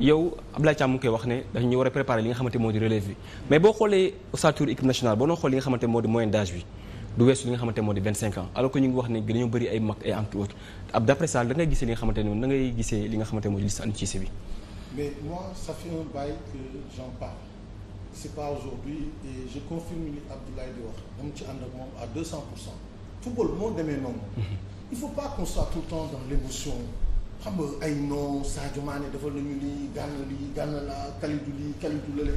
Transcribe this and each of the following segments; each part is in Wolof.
yow Abdoulaye Thiam mu koy wax ne dañ ñu war a li nga xamante moo di relève bi mais boo xoolee ossature équipe nationale boo noo xool li nga xamante moo di moyenne d'âge bi du weesu li nga xamante moo di 25 ans alors que ñu ngi wax ne dañoo bëri ay mag ay entre autres ab d'après di mais moi ça fait un bail que j'en parle c'est pas aujourd'hui et je confirme li Abdoulaye di wax dama ci ànd ak moom à football moo demee noonu il faut pas qu'on tout temps dans l'émotion xam nga ay non Sadio Mané defal nañu lii gànn lii gànn laa Kalidou lii Kalidou lële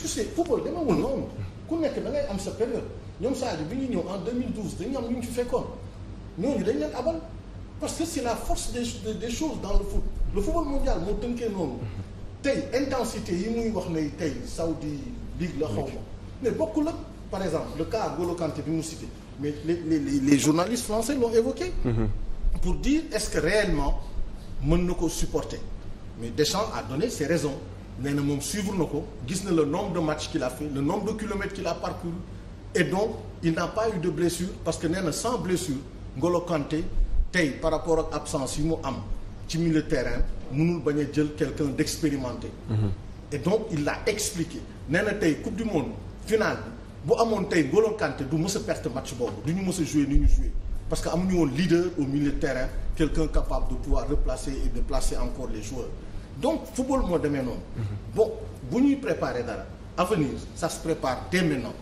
tu sais football demewul noonu ku nekk da ngay am sa période ñoom Sadio bi ñu ñëw en 2012 dañ am lu ñu ci fekkoon ñooñu dañ leen abal parce que c'est la force des des choses dans le foot le football mondial moo tënkee noonu tey intensité yi muy wax na tey Saudi ligue la xaw ma mais bokkul la par exemple le cas N'Golo Kanté bi mu cité mais les les les journalistes français mm-hmm. pour dire est-ce que réellement. mën na ko supporter mais Deschamps à donné ses raisons nee na moom suivre na ko gis na la nombre de matchs qu'il a fait le nombre de kilomètres qu'il a parcouru et donc il n'a pas eu de blessure parce que nee na sans blessure Ngolo tey par rapport ak absence yu mu am ci milieu terrain mënul bañ a jël quelqu'un d'expérimenté mmh. et donc il l'a expliqué nee na tey coupe du monde finale bi bu amoon tey Ngolo Kanté du mës a perte match boobu du ñu mës a jouer ni ñu parce que amuñu woon leader au milieu de terrain quelqu'un capable de pouvoir replacer et de placer encore les joueurs donc football moo demee noonu. Mhm. bon bu ñuy préparer dara avenir ça se prépare dès maintenant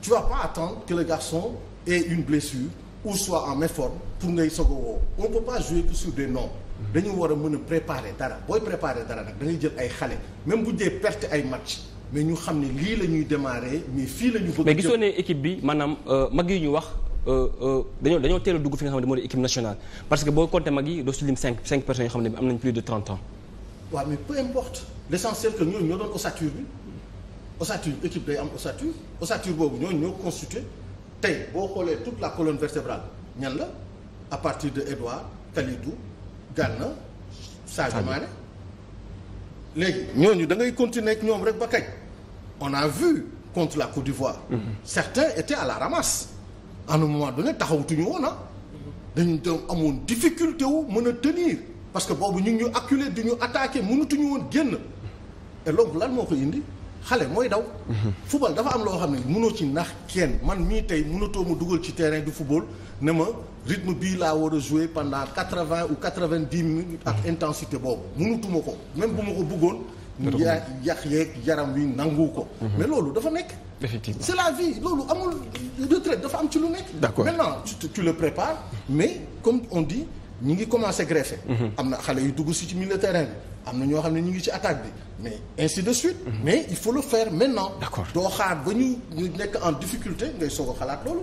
tu vas pas attendre que le garçon ait une blessure ou soit en méforme pour ngay soog a woo on peut pas jouer que sur des noms. Mhm. dañu war a mën a préparer dara booy préparer dara nag da jël ay xale même bu dee perte ay match mais ñu xam ne lii la ñuy démarrer mais fii la ñu. bëgg ne équipe bi maanaam euh, mag yi ñu wax. Euh, euh, dañoo dañoo teel dugg fi nga xam ne moo di équipe nationale parce que boo compté mag yi doo si lim cinq cinq personnes yoo xam ne bi am nañ plus de trente ans. waaw mais peu importe l' que ñooñu ñoo doon ossature bi ossature équipe day am ossature ossature boobu ñooñu ñoo constitué tey boo xoolee toute la colonne vertébrale ñan la à partir de Edouard Kalidou Gana Sadio Mané léegi ñooñu da ngay continuer ak ñoom rek ba kañ on a vu contre la Côte d'Ivoire. Mm à un moment donné taxawtuñu woon ah dañu doon amoon difficulté wu mën a tenir parce que boobu ñu ngi ñu acculé di ñu attaqué mënatuñu woon génn et donc lan moo ko indi xale mooy daw. football dafa am loo xam ne mënoo ci nax kenn man mii tey mënatoo ma dugal ci terrain du football ne ma rythme bi laa war a jouer pendant quatre vingt ou quatre vingt dix minutes ak intensité boobu mënatuma ko même bu ma ko bëggoon. yaa yàq yeeg yaram wi nangu ko. Mhm. mais loolu dafa nekk. effectivement c'est la vie loolu amul retraite dafa am ci lu nekk. d'accord maintenant tu, tu le prépares mais comme on dit ñi ngi commencer greffer. Mhm. am na xale yu dugg si ci milieu terrain bi am na ñoo xam ne ñu ngi ci attaque bi mais ainsi de suite. Mhm. mais il faut le faire maintenant. d'accord doo xaar ba ñuy ñu nekk en difficulté ngay sog a xalaat loolu.